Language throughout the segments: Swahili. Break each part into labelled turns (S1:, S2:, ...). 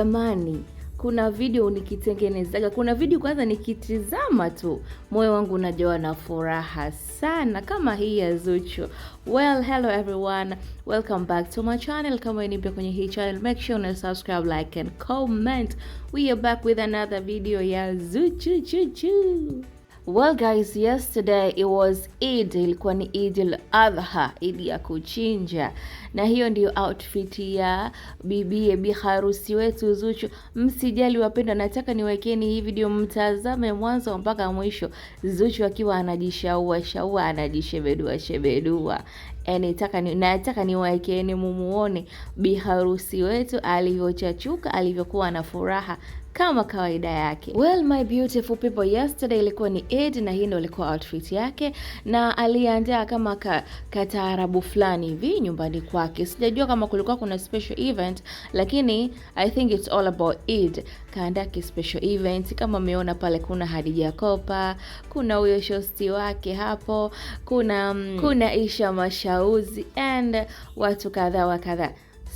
S1: Jamani, kuna video nikitengenezaga, kuna video kwanza nikitizama tu moyo wangu unajawa na furaha sana, kama hii ya Zuchu. Well, hello everyone, welcome back to my channel. Kama ni mpya kwenye hii channel, make sure una subscribe, like and comment. We are back with another video ya Zuchu chuchu. Well guys, yesterday it was Eid, ilikuwa ni Eid al-Adha, Eid ya kuchinja, na hiyo ndiyo outfit ya bibie bi harusi wetu Zuchu. Msijali wapendwa, nataka niwekeni hii video mtazame mwanzo mpaka mwisho, Zuchu akiwa anajishaua shaua, anajishebedua shebedua eh, Nataka ni, nataka niwekeni mumuone bi harusi wetu alivyochachuka, alivyokuwa na furaha kama kawaida yake. Well, my beautiful people, yesterday ilikuwa ni Eid na hii ndio ilikuwa outfit yake, na aliandaa kama ka, kataarabu fulani hivi nyumbani kwake. Sijajua kama kulikuwa kuna special event, lakini I think it's all about Eid. Kaandaa ki special event kama umeona pale, kuna Hadija Kopa, kuna huyo shosti wake hapo, kuna mm, kuna Isha Mashauzi and watu kadhaa wa kadhaa.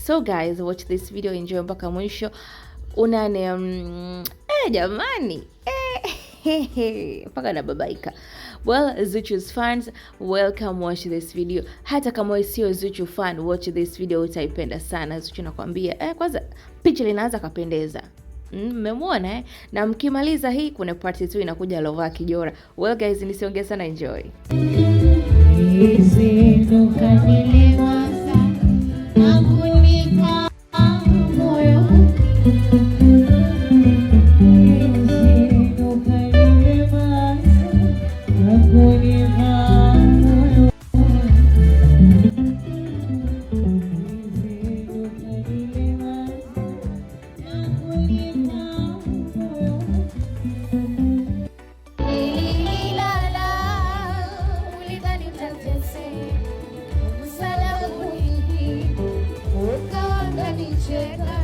S1: So guys, watch this video, enjoy mpaka mwisho unane um, mm, eh, jamani eh, mpaka eh, nababaika. Well, Zuchu's fans, welcome, watch this video. Hata kama sio Zuchu fan, watch this video, utaipenda sana. Zuchu nakwambia, eh, kwanza picha linaanza kapendeza mm, mmemwona mm, eh? Na mkimaliza hii kuna part 2 inakuja Lova Kijora. Well guys, nisiongee sana, enjoy.
S2: Czekaj.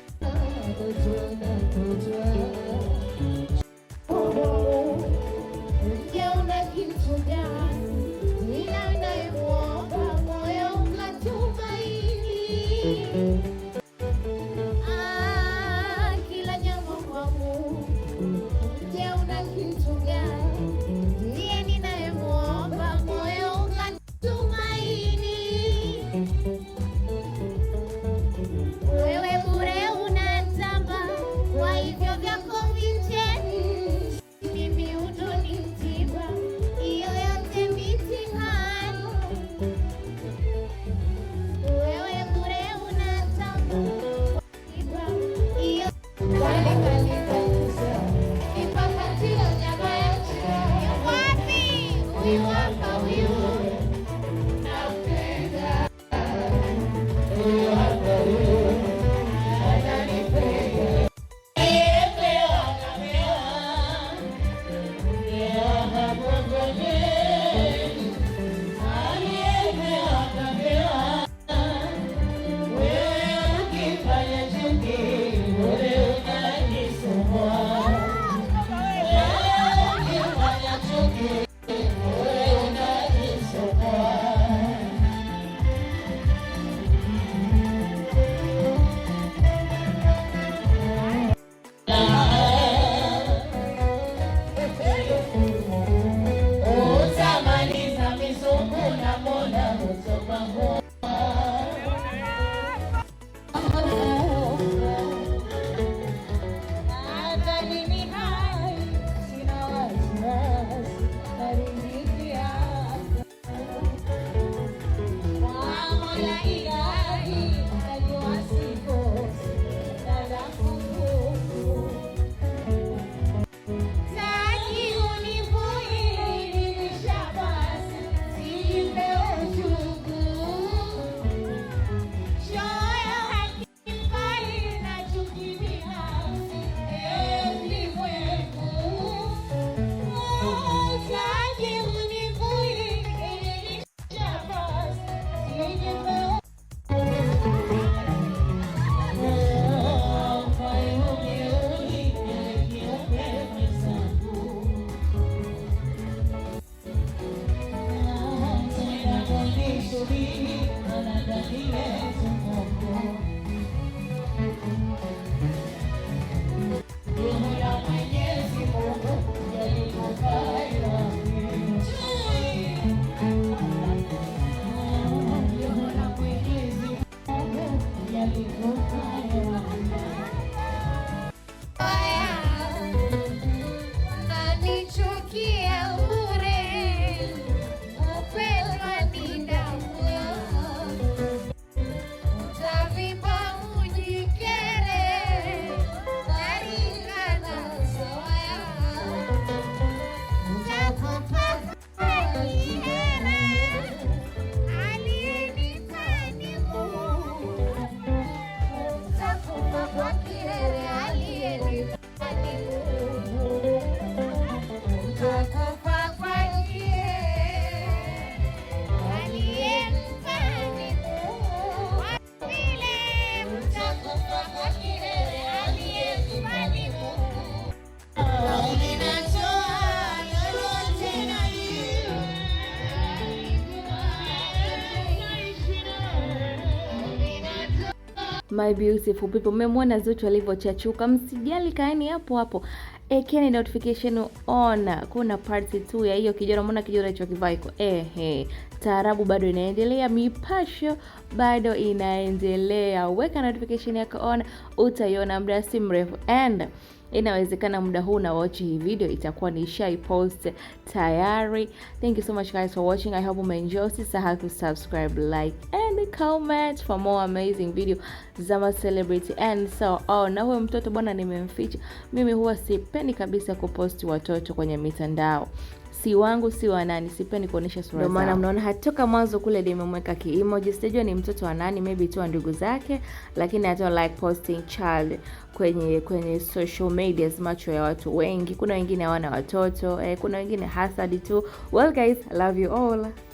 S2: Amen.
S1: my beautiful people. Mmemwona Zuchu alivyochachuka, msijali, kaeni hapo hapo. Ekeni notification on, kuna part 2 ya hiyo kijora. Mbona kijora hicho kivaa iko ehe? Taarabu bado inaendelea, mipasho bado inaendelea. Weka notification yako on, utaiona muda si mrefu and inawezekana muda huu na watch hii video itakuwa ni shy post tayari. Thank you so much guys for watching. I hope umeenjoy. Usisahau ku subscribe, like and comment for more amazing video za ma celebrity and so oh, na huyo mtoto bwana nimemficha mimi. Huwa sipendi kabisa kuposti watoto kwenye mitandao si wangu si wa nani, sipendi kuonesha sura zangu. Ndio maana mnaona hatoka mwanzo kule nimemweka kiemoji, sijajua ni mtoto wa nani, maybe tu ndugu zake, lakini hata like posting child kwenye kwenye social media, macho ya watu wengi. Kuna wengine hawana watoto eh, kuna wengine hasadi tu. Well guys, love you all.